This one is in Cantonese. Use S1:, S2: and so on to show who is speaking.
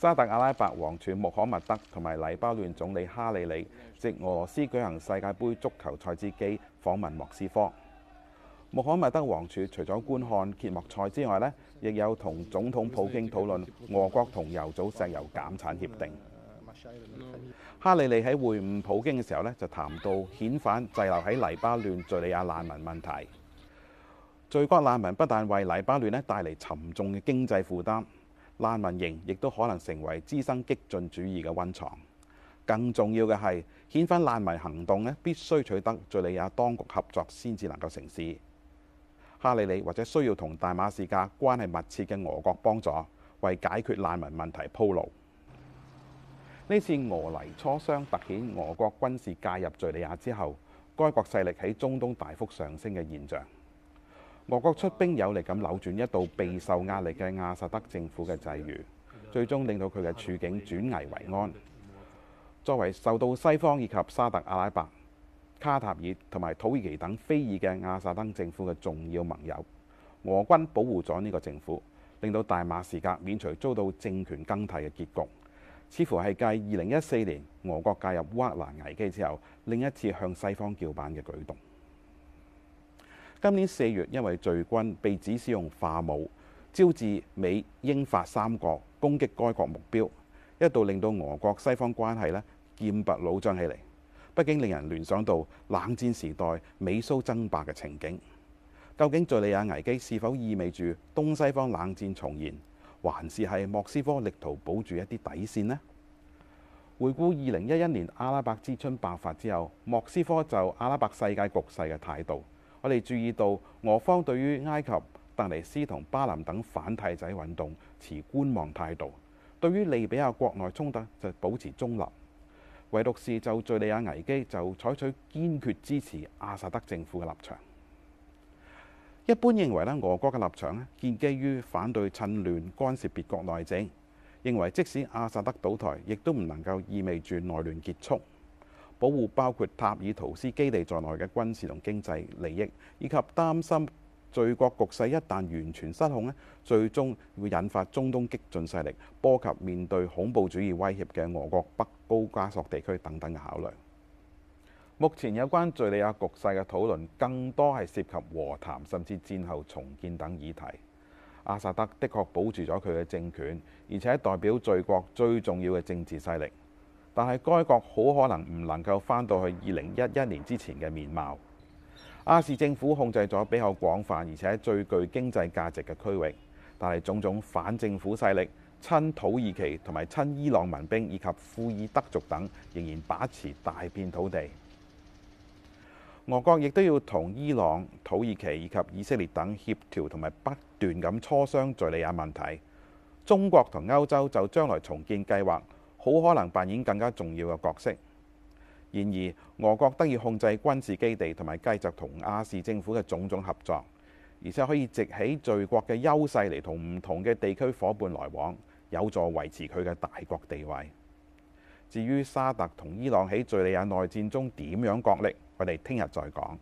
S1: 沙特阿拉伯王儲穆罕默德同埋黎巴嫩總理哈里里，藉俄羅斯舉行世界盃足球賽之機訪問莫斯科。穆罕默德王儲除咗觀看揭幕賽之外呢，亦有同總統普京討論俄國同油組石油減產協定。哈里里喺會晤普京嘅時候呢，就談到遣返滯留喺黎巴嫩敘利亞難民問題。敘國難民不但為黎巴嫩咧帶嚟沉重嘅經濟負擔。難民營亦都可能成為滋生激進主義嘅溫床。更重要嘅係，遣返難民行動呢，必須取得敍利亞當局合作先至能夠成事。哈里里或者需要同大馬士革關係密切嘅俄國幫助，為解決難民問題鋪路。呢次俄黎磋商突顯俄國軍事介入敍利亞之後，該國勢力喺中東大幅上升嘅現象。俄國出兵有力咁扭轉一度備受壓力嘅亞薩德政府嘅際遇，最終令到佢嘅處境轉危為安。作為受到西方以及沙特阿拉伯、卡塔爾同埋土耳其等非議嘅亞薩德政府嘅重要盟友，俄軍保護咗呢個政府，令到大馬士革免除遭到政權更替嘅結局。似乎係繼二零一四年俄國介入烏克蘭危機之後，另一次向西方叫板嘅舉動。今年四月，因為敘軍被指使用化武，招致美、英、法三國攻擊該國目標，一度令到俄國西方關係呢劍拔弩張起嚟。畢竟令人聯想到冷戰時代美蘇爭霸嘅情景。究竟敍利亞危機是否意味住東西方冷戰重現，還是係莫斯科力圖保住一啲底線呢？回顧二零一一年阿拉伯之春爆發之後，莫斯科就阿拉伯世界局勢嘅態度。我哋注意到俄方對於埃及、突尼斯同巴林等反體制運動持觀望態度，對於利比亞國內衝突就保持中立，唯獨是就敍利亞危機就採取堅決支持阿薩德政府嘅立場。一般認為呢，俄國嘅立場呢，建基於反對趁亂干涉別國內政，認為即使阿薩德倒台，亦都唔能夠意味住內亂結束。保護包括塔爾圖斯基地在內嘅軍事同經濟利益，以及擔心敘國局勢一旦完全失控咧，最終會引發中東激進勢力，波及面對恐怖主義威脅嘅俄國北高加索地區等等嘅考量。目前有關敘利亞局勢嘅討論，更多係涉及和談，甚至戰後重建等議題。阿薩德的確保住咗佢嘅政權，而且代表敘國最重要嘅政治勢力。但係，該國好可能唔能夠返到去二零一一年之前嘅面貌。阿氏政府控制咗比較廣泛，而且最具經濟價值嘅區域。但係，種種反政府勢力、親土耳其同埋親伊朗民兵以及庫爾德族等，仍然把持大片土地。俄國亦都要同伊朗、土耳其以及以色列等協調，同埋不斷咁磋商敍利亞問題。中國同歐洲就將來重建計劃，好可能扮演更加重要嘅角色。然而，俄國得以控制軍事基地同埋繼續同亞視政府嘅種種合作，而且可以藉起敘國嘅優勢嚟同唔同嘅地區伙伴來往，有助維持佢嘅大國地位。至於沙特同伊朗喺敘利亞內戰中點樣角力，我哋聽日再講。